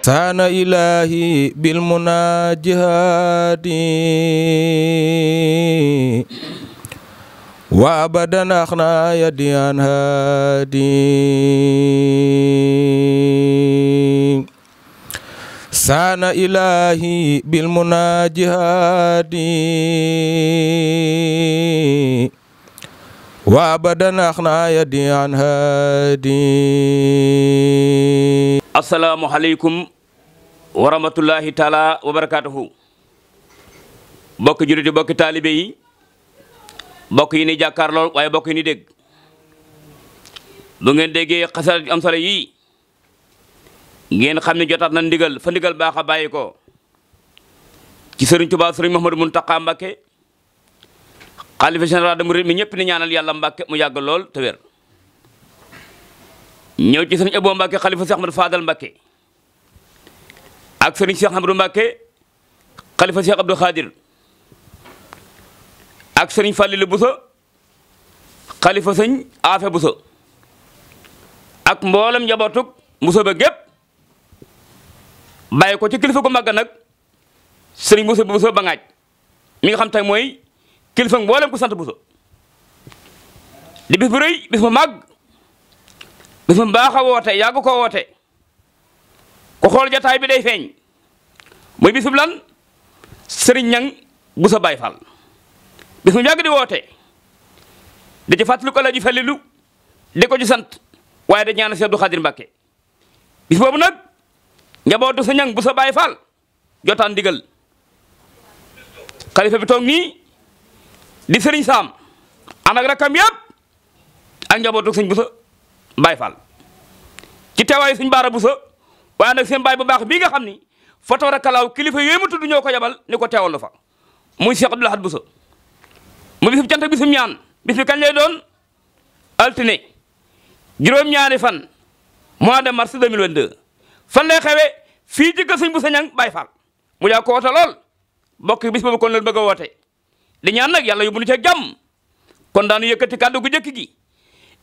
saana ilaahi bil munaajihaati wa abadan axna yadi an haadi saana ilaahi bil munaajihaati wa abadan axna yadi an haadi asalaamualeykum wa rahmatullahi taala wa barakaatuhu bokki jullit yi bokki taalibe yi bokk yi ni jàkkaar lool waaye bokk yi ni dégg bu ngeen déggee xasal am yi ngeen xam ne jotaat na ndigal fa ndigal baax a bàyyi ko ci sëriñ Tuubaa sëriñ Mouhamadou Mountakha Mbacké xalifa général de Mouride mi ñëpp ni ñaanal yàlla Mbacké mu yàgg lool te wér ñëw ci sëriñ Ebo Mbacke xalifa Cheikh Ahmadou Fadal Mbacke ak sëriñ Cheikh Ahmadou Mbacke xalifa Cheikh Abdou Khadir ak sëriñ Fallilou Bousso xalifa sëñ Afe Bousso ak mboolem njabootug Bousso ba gépp bàyyi ko ci kilifa gu màgg nag sëriñ Bousso Bousso ba ngaaj mi nga xam tey mooy kilifa mboolem ku sant Bousso di bis bu rëy bis bu dafa baax a woote yàgg ko woote ku xool jataay bi day feeñ mooy bisub lan sëriñ ñang bu sa baay faal bis mu di woote di ci fàttali ko la ju falilu di ko ci sant waaye da ñaana si Abdu Xaadir Mbàkke bis boobu nag njabootu sa ñang bu sa baay faal jotaan ndigal xalifa bi toog nii di sëriñ saam ànd rakkam yëpp ak njabootu sëñ bu Baye Fall ci teewaayu suñ baara bu sa waaye nag seen baay bu baax bii nga xam ni fa tabarakalaaw kilifa yooyu ma tudd ñoo ko yabal ni ko teewal fa muy Cheikh Abdoul Ahad bu sa mu bisub cant ñaan bis bi kañ lay doon altine juróom-ñaari fan mois de mars 2022 fan lay xewee fii ci kër suñ bu sa ñang Baye Fall mu yaa ko woote lool mbokk yi bis boobu kon la bëgg a woote di ñaan nag yàlla yóbbu nu ca jàmm kon daanu yëkkati kàddu gu jëkk gi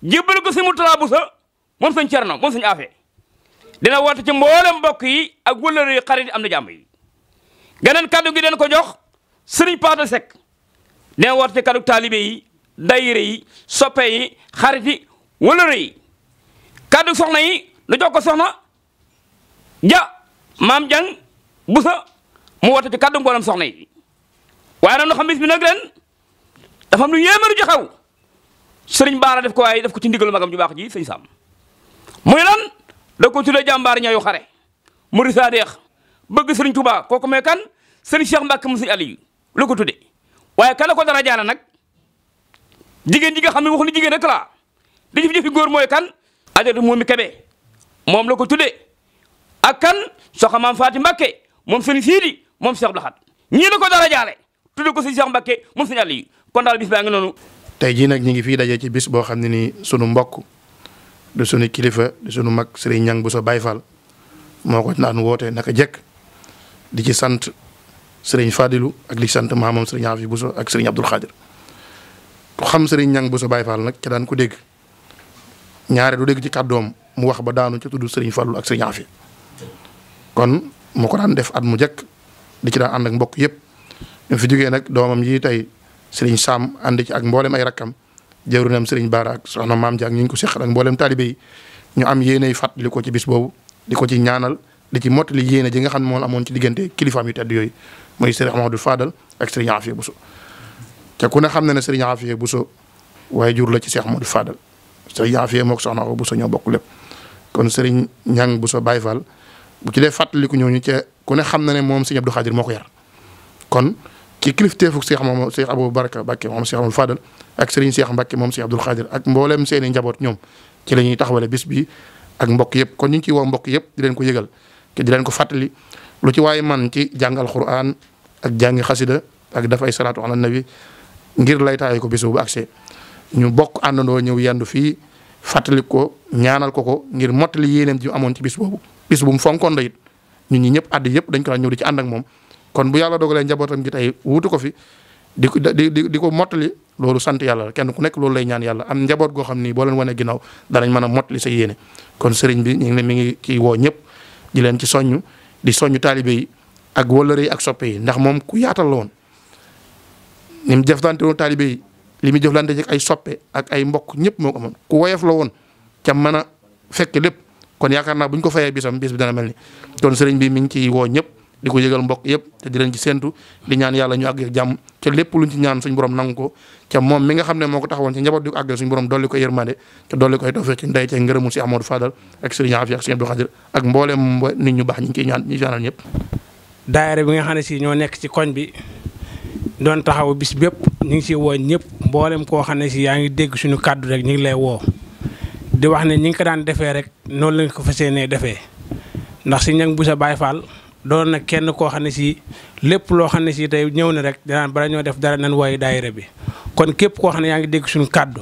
jébbal ko sëñ Mourtada Bousso moom sëñ Cerno moom sëñ Afe dina woote ci mboolem mbokk yi ak wëllëre yi xarit am na jàmm yi geneen kaddu gi den ko jox sëriñ Paate Seck dina woote ci kaddu taalibe yi dayire yi soppe yi xarit yi wëllëre yi kaddu soxna yi nu jox ko soxna ja maam jang Bousso mu woote ci kaddu mboolem soxna yi waaye nag nu xam bis bi nag ren dafa am lu yéemaru ci xaw sëriñ Baara def ko waaye def ko ci ndigalu magam ju baax ji sëñ Sam muy lan da ko tuddee jàmbaar ñaayu xare muri saadeex bëgg sëriñ Touba kooku may kan sëriñ Cheikh Mbacke mu sëriñ Aliou ko tuddee waaye kan la ko dara jaara nag jigéen ji nga xam ne wax ni jigéen rek laa di jëf góor mooy kan ajatu moomi kebe moom la ko tuddee ak kan soxna maam Faati Mbacke moom sëriñ Siidi moom Cheikh Abdou Lahad ko dara jaare tudde ko sëriñ Cheikh Mbacke moom sëriñ Aliou kon daal bis baa noonu tey jii nag ñu ngi fii dajee ci bis boo xam ne ni sunu mbokk du sunu kilifa du sunu mag Serigne ñang buso Baye Fall moo ko naan woote naka jekk di ci sant Serigne Fadilou ak di sant maamam Serigne Afi Bousso ak Serigne Abdoul Khadir xam Serigne Niang Bousso Baye Fall nag ca daan ko dégg ñaare du dégg ci kàddoom mu wax ba daanu ca tudd Serigne Fallou ak Serigne kon moo daan def at mu jekk di ci daan ànd mbokk yëpp ñu fi jógee nag doomam yi tey sëriñ Sam ànd ci ak mboolem ay rakkam jawrinam sëriñ Baara ak soxna maam Dia ak ñu ngi ko seqal ak mboolem taalibe yi ñu am yéenay fàttali ko ci bis boobu di ko ci ñaanal di ci mottali yéene ji nga xam ne moom amoon ci diggante kilifaam yu tedd yooyu mooy sëriñ Amadou Fadal ak sëriñ Afia Bousso te ku ne xam na ne sëriñ Afia Bousso waaye jur la ci Cheikh Amadou Fadal sëriñ Afia moog soxna Awa Bousso bokk lépp kon sëriñ Ñang Bousso Baye Fall bu ci dee fàttaliku ñooñu ca ku ne xam na ne moom sëriñ Abdou Khadir moo ko yar kon ci kilifteefu Cheikh moom Cheikh Abou Baraka Mbacke moom Cheikh Abdou Fadal ak Serigne Cheikh Mbacke moom Cheikh Abdoul Khadir ak mboolem seen i njaboot ñoom ci la ñuy taxawale bis ak mbokk yëpp kon ñu ngi ciy woo mbokk yëpp di leen ko yëgal te leen ko fàttali lu ci waaye man ci jàngal Qur'an ak jàngi xasida ak dafay salaatu ala nabi ngir lay ko bisu bu accès ñu bokk àndandoo ñëw yendu fii fàttali ko ñaanal ko ko ngir mottali yéeneem ji amoon ci bis boobu bis bu mu fonkoon la it ñun ñëpp yëpp dañ ko daan ñëw di ci ànd ak moom kon bu yàlla dogalee njabootam gi tey wutu ko fi di ko di di ko mottali loolu sant yàlla kenn ku nekk loolu lay ñaan yàlla am njaboot goo xam ni boo leen wane ginnaaw danañ mën a mottali sa yéene kon sëriñ bi ñu ngi ne mi ngi ci woo ñëpp di leen ci soññ di soññ taalibe yi ak wëllëre ak soppe yi ndax moom ku yaatal woon ni mu jëflante woon taalibe yi li mu jëflante ci ay soppe ak ay mbokk ñëpp moo ko ku woyof la woon ca mën a fekk lépp kon yaakaar naa bu ko fayee bisam bis bi dana mel ni kon sëriñ bi mi ngi ci woo ñëpp di ko yëgal mbokk yëpp te di leen ci séentu di ñaan yàlla ñu àgg jàmm ca lépp luñ ci ñaan suñu borom nangu ko ca moom mi nga xam ne moo ko taxawoon ci njaboot di ko àggal suñu borom dolli ko yërmande ca ñu baax ñi ngi ciy ñaan ñi bi nga xam ne si ñoo nekk ci koñ bi doon taxaw bis bépp ñu ngi si woo ñëpp mboolem koo xam ne si yaa ngi dégg suñu kàddu rek ñu ngi lay woo di wax ne ñi ngi ko daan defee rek noonu lañ ko fas yéenee defee ndax si ñang bu sa Baay Faal doon na kenn koo xam ne si lépp loo xam ne sii tey ñëw na rek dinaan bala ñoo def dara nan waaye daayira bi kon képp koo xam ne yaa ngi dégg suñu kàddu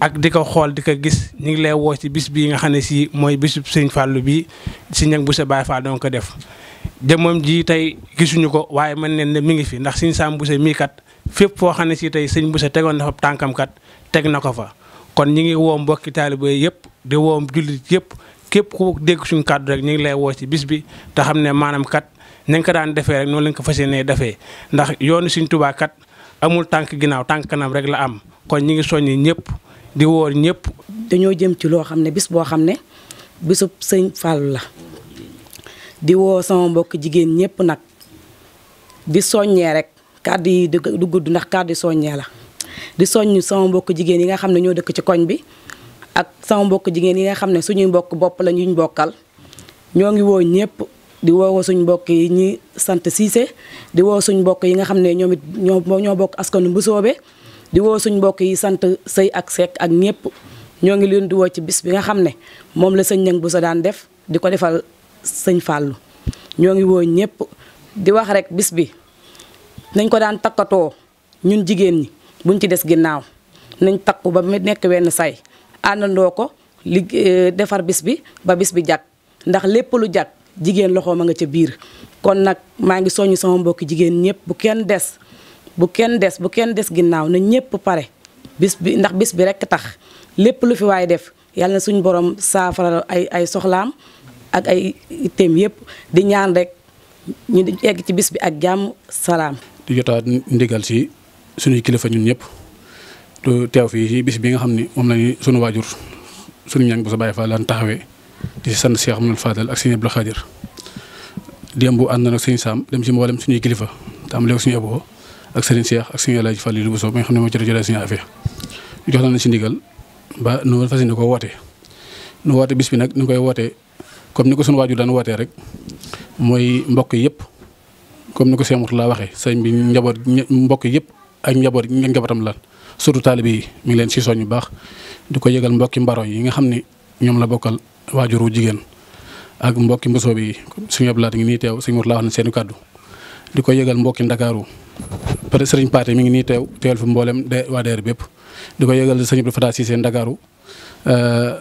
ak di ko xool di ko gis ñu ngi lay woo ci bis bii nga xam ne si mooy bisu sëñ Fallou bii si ñag bu sa Baye Fall doon ko def jëmmam ji tey gisuñu ko waaye mën neen ne mi ngi fi ndax sëñ Sam Bousso mii kat fépp foo xam ne si tey sëñ bu se tegoon na fa tànkam kat teg na ko fa kon ñi ngi woo mbokki taalibe yëpp di woo jullit yëpp képp ku dégg suñ kàddu rek ñu ngi lay woo ci bis bi te xam ne maanaam kat nañ ko daan defee rek noonu lañ ko fas yéenee defee ndax yoonu suñ Tuubaa amul tànk ginnaaw tànk kanam rek la am kon ñi ngi soññi ñëpp di woor ñëpp. dañoo jëm ci loo xam ne bis boo xam ne bisub sëñ Fallou la di woo sama mbokk jigéen ñëpp nag di soññee rek kàddu yi du gudd ndax kàddu soññee la di soññ sama mbokk jigéen yi nga xam ne ñoo dëkk ci koñ bi. ak sama mbokk jigéen yi nga xam ne suñuy mbokk bopp lañu ñu bokkal ñoo ngi woo ñëpp di woo suñ mbokk yi ñi sant Cissé di woo suñ mbokk yi nga xam ne ñoom it ñoo ñoo bokk askanu Mbusoobe di woo suñ mbokk yi sant sëy ak Seck ak ñëpp ñoo ngi leen di woo ci bis bi nga xam ne moom la sëñ Ñang bu sa daan def di ko defal sëñ Fàllu ñoo ngi woo ñëpp di wax rek bis bi nañ ko daan takkatoo ñun jigéen ñi buñ ci des ginnaaw nañ takku ba mu nekk wenn say àndandoo ko li eh, defar bis bi ba bis bi jag ndax lépp lu jag jigéen loxoom a nga ca biir kon nag maa ngi soññ sama mbokki jigéen ñëpp bu kenn des bu kenn des bu kenn des ginnaaw na ñëpp pare bis bi ndax bis bi rekk tax lépp lu fi waay def yàlla na suñu borom saafara ay ay soxlaam ak ay itam yëpp di ñaan rek ñu egg ci bis bi ak jàmm salaam. di jotaat ndigal ci suñuy kilifa ñun ñëpp. teew fii ci bis bi nga xam ni moom lañu sunu waajur sunu ñang bu sa bàyyi fa lan taxawee di si sant Cheikh ak Serigne Abdou Khadir démb na nag Sam dem suñuy kilifa te am léegi suñu Abo ak Serigne Cheikh ak Serigne El Hadj Fallou ne moo ci rajo Serigne Afia si ndigal ba nu ko woote nu woote bis bi nag nu koy wootee comme ni ko sunu waajur daan wootee rek mooy mbokk yëpp comme ni ko Cheikh Mourtala waxee sëñ bi njaboot mbokk yëpp ak njaboot njabootam lan surtout taalibe yi mu ngi leen si soññ bu baax di ko yëgal mbokki mbaro yi nga xam ni ñoom la bokkal waajuru jigéen ak mbokki mbosoo bi suñu Abdou Lahad ngi nii teew suñu Mourtala wax na seeni kàddu di ko yëgal mbokki ndakaaru peut-être Paate mi ngi nii teew teewal fi mboolem de waa bépp di ko yëgal sëñ Abdou Fatah Cissé ndakaaru euh,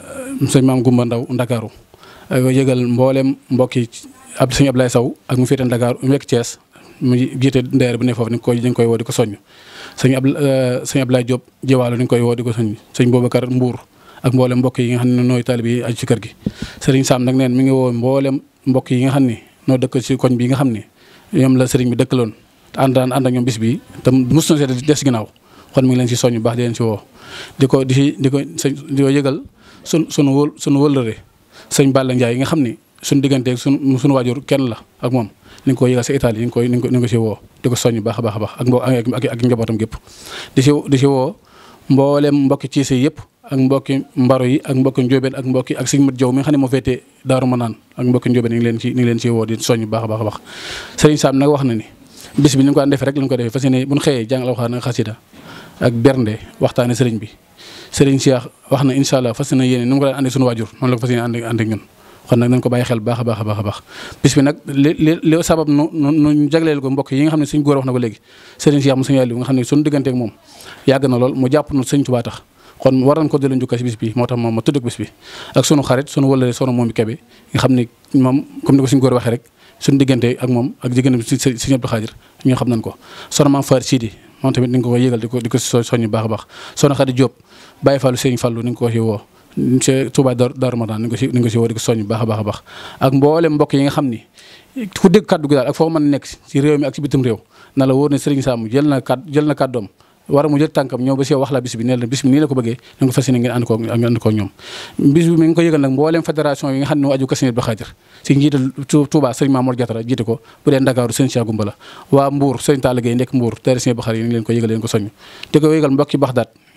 sëñ maam Gumba Ndaw ndakaaru di ko yëgal mboolem mbokki ab sëñ Ablaye Sow ak mu féete ndakaaru mu nekk Thiès mu jiite ndeer bu ne foofu ni koy dañ koy woo di ko soññ sëñ ab eh, sëñ Ablaye Diop Jiwaalo ni ñu koy woo di ko sëñ boobu Boubacar Mbour ak mboolem mbokk yi nga xam ne nooy taalib yi aju ci kër gi. sëriñ Sam nag neen mi ngi woo mboolem mbokk yi nga xam ni noo dëkk ci koñ bi nga xam ne ñoom la sëriñ bi dëkkaloon te ànd daan ànd ñoom bis bi te mos na see des ginnaaw kon mi ngi leen si soññ bu baax di leen si woo di ko di si di ko di ko yëgal sun sunu wël sunu wëllëre sëñ Balla Ndiaye yi nga xam ni suñu digganteeg suñu suñu waajur kenn la ak moom ni ko koy yëgal sa état yi ni nga koy ko si woo di ko soññ baax a baax ak njabootam gépp di si woo mboolem mbokki ciise yëpp ak mbokki mbaro yi ak mbokki njóobeen ak mbokki ak sëñ mat jaw mi nga xam ne moo féetee daaru leen ci ñu leen ci woo di soññ baax a baax a baax wax na ni bis bi ni ñu ko daan defee rek lañ ko defee fas yéene bu ñu xëyee jàng alxuraan ak xasida ak bernde waxtaane sëriñ bi sëriñ Cheikh wax na incha allah fas yéene yéene ni mu ko daan àndee suñu waajur noonu la ko fas yéene ñun kon nag nañ ko bàyyi xel baax baax baax a nag li li sabab nu nu jagleel ko mbokk yi nga na digganteek moom yàgg na lool mu jàpp na sëñ Tuubaa tax kon war nañ ko delloo njukkal si bis moom ma ni ko suñu góor waxee rek suñu diggante ak moom ak diggante si Sëriñ Abdou Xaadir ñoo xam nañ ko sono maam Faar Sidi moom yëgal di ko di ko baax a baax sono Jóob bàyyi Fallu Sëriñ Fallu ni nga ko wax yow ci Touba Darou Marnane ni ko si ni ko si woo di ko soññ baax a baax a baax ak mboolem mbokk yi nga xam ni ku dégg kaddu gi daal ak foo mën nekk si réew mi ak si bitim réew na la wóor ne Serigne Sam jël na kaddu jël war a mu jël tànkam la ko bëggee na nga fas yéene ngeen ànd koo ngeen ànd koo ñoom bis bi yi nga xam ne aju Kazu ba xaatir si njiital Touba Serigne Mamour Diatara jiite ko bu dee Ndakaaru Serigne Cheikh Goumbala waa Mbour Serigne Talla Gueye nekk Mbour tere Serigne Bakhar yi ngi leen ko yëgal leen ko soññ te ko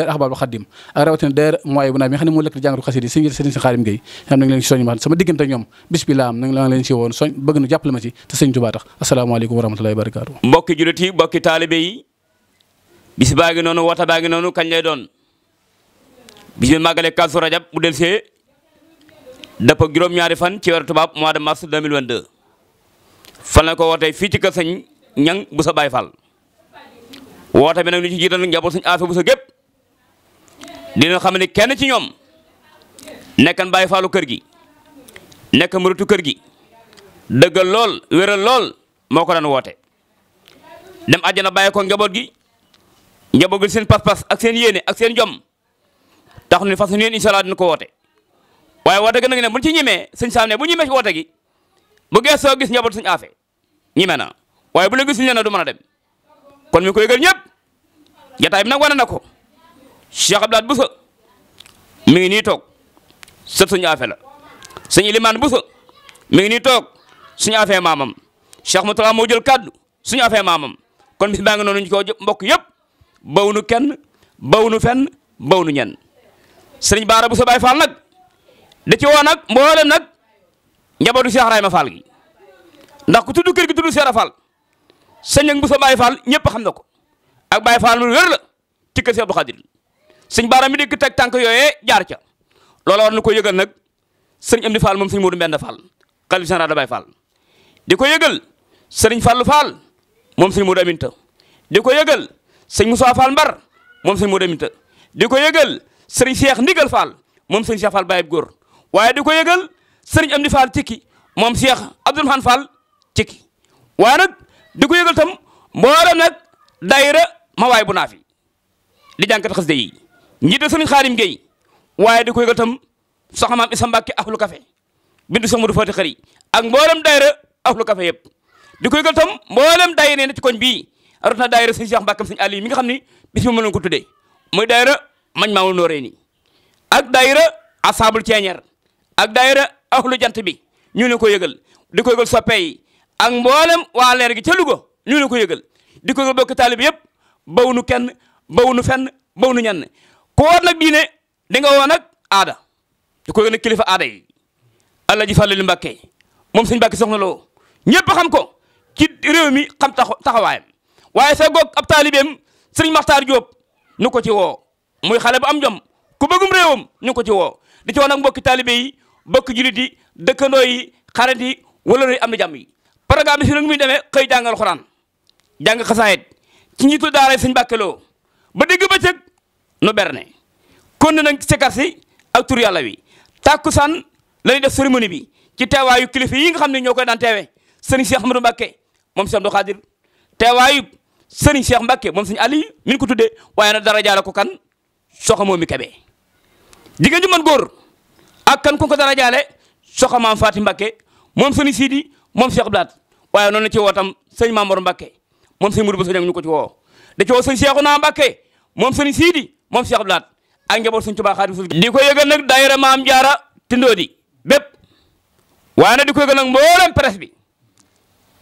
daayira Ahbabul Khadim ak rawatina daayira mooy bu naa bi nga xam ne moo lëkk jàngatu xasida yi si ngir sëriñ si Xaadim Gueye xam nañ leen si soñ ma sama diggante ñoom bis bi la am nañ la leen si woon soñ bëgg na jàppale ma si te sëñ Tuubaa tax asalaamaaleykum wa rahmatullahi wa barakaatu mbokki jullit yi mbokki taalibe yi bis baa ngi noonu wata baa ngi noonu kañ lay doon bis bi màggale Kazu Rajab mu del see dëpp ak juróom-ñaari fan ci weeru tubaab mois de mars 2022 fan la ko wootee fii ci kër sëñ ñang bu sa Baay Fall woote bi nag ñu ci jiital njaboot sëñ Afe bu sa gépp dina xam ne kenn ci ñoom nekkan bàyyi faalu kër gi nekk muritu kër gi dëggal lool wéral lool moo ko daan woote dem àjjana bàyyi ko njaboot gi njaboot gi seen pas-pas ak seen yéene ak seen jom tax ni fas yéene incha allah dina ko woote waaye woote gi nag ne bu ñu ci ñemee sëñ Saam ne bu ñemee woote gi bu soo gis njaboot suñu aafe ñeme na waaye bu la gis ñu ne du mën a dem kon mi koy gër ñëpp jataay bi nag wane na ko. Cheikh Abdoulaye Bousso mi ngi nii toog sët suñu affaire la sëñ Ilimane Bousso mi ngi nii toog suñu affaire maamam Cheikh Moutala moo jël kàddu suñu affaire maamam kon bis baa ngi noonu ñu ko mbokk yëpp bawunu kenn bawunu fenn bawunu ñenn sëriñ Baara Bousso Baye Fall nag da ci woo nag mboolem nag njabootu Cheikh Rahima Fall gi ndax ku tudd kër gi tudd Cheikh Fall sëñ ak Bousso Baye Fall ñëpp xam na ko ak Baye Fall mu wér la ci kër sëñ baara mi dikk teg tànk yooyee jaar ca loola war na ko yëgal nag sëñ Amdi Fall moom sëñ Modou Mbenda Fall xalif général da Baye di ko yëgal sëriñ Fallou moom sëñ Modou Aminta di ko yëgal sëñ Moussa Fall moom sëñ Modou Aminta di ko yëgal sëriñ Cheikh Ndigal Fall moom sëñ Cheikh Fall Baye góor waaye di ko yëgal sëriñ Amdi Fall Cikki moom Cheikh Abdourahmane Fall Cikki waaye nag di ko yëgal tam mboolem nag dayra ma waay bu naafi li jànkat xasida yi njiite sëriñ Xaadim Gueye waaye di ko yëgal itam soxna sa Isa Mbàkke ahlu kafe bindu Seex Moodu Faati Xari ak mboolem daayira ahlu kafe yëpp di ko yëgal itam mboolem daayira ne ci koñ bii rot na daayira sëñ Cheikh Mbàkkam sëñ Aliou mi nga xam ne bis bi mën nañu ko tuddee muy daayira mañ maamul nooree nii ak daayira asaabul ceeñeer ak daayira ahlu bi ñu ne ko yëgal di ko yëgal soppe ak mboolem waa leer gi ca Louga ko yëgal di ko yëgal bokk taalibe yëpp bawu nu kenn bawu nu fenn bawu nu ñan ku war nag diine di nga woo nag aada ko yónnee kilifa aada yi allah ji fàllali mbàkke moom sëñ mbàkke soxna loo ñëpp xam ko ci réew mi xam taxawaayam waaye sa goog ab taalibeem sëriñ Maxtaar Jóob nu ko ci woo muy xale bu am jom ku bëggum réewam ñu ko ci woo di ci woo nag mbokki taalibe yi mbokki julit di dëkkandoo yi xarit yi wala am na jàmm yi programme bi si nag muy demee xëy jàngal xuraan jàng xasaayit ci njiitu daara sëñ Mbàkke Lo ba dégg bëccëg nu berne kon nag sikar si ak tur yàlla wi tàkkusaan la ñuy def cérémonie bi ci teewaayu kilifa yi nga xam ne ñoo koy daan teewe sëriñ Cheikh Ahmadou Mbacké moom Cheikh Abdou Khadir teewaayu sëriñ moom sëriñ Ali mi ko tuddee waaye nag dara jaale ko kan soxa moom mi kebe jigéen ju mën góor ak kan ku ko dara jaale soxa maam Fatim Mbacké moom sëriñ Sidi moom Cheikh Blaat waaye noonu la ci wootam sëriñ Mamour Mbacké moom sëriñ Mourou Bousso ñu ko ci woo da ci woo sëriñ Cheikhouna Mbacké moom sëriñ Sidi moom Cheikh Abdou Lahad ak njaboot suñ Tuubaa Xaadimu Rasuul di ko yëgal nag daayira Maam Jaara Tindoodi bépp waaye nag di ko yëgal nag mboolem presse bi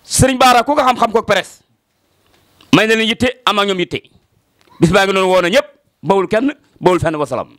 sëriñ Baara ku ko xam-xam ko presse may na yitte am ak ñoom yitte bis baa ngi noonu ñëpp bawul kenn bawul fenn wasalaam.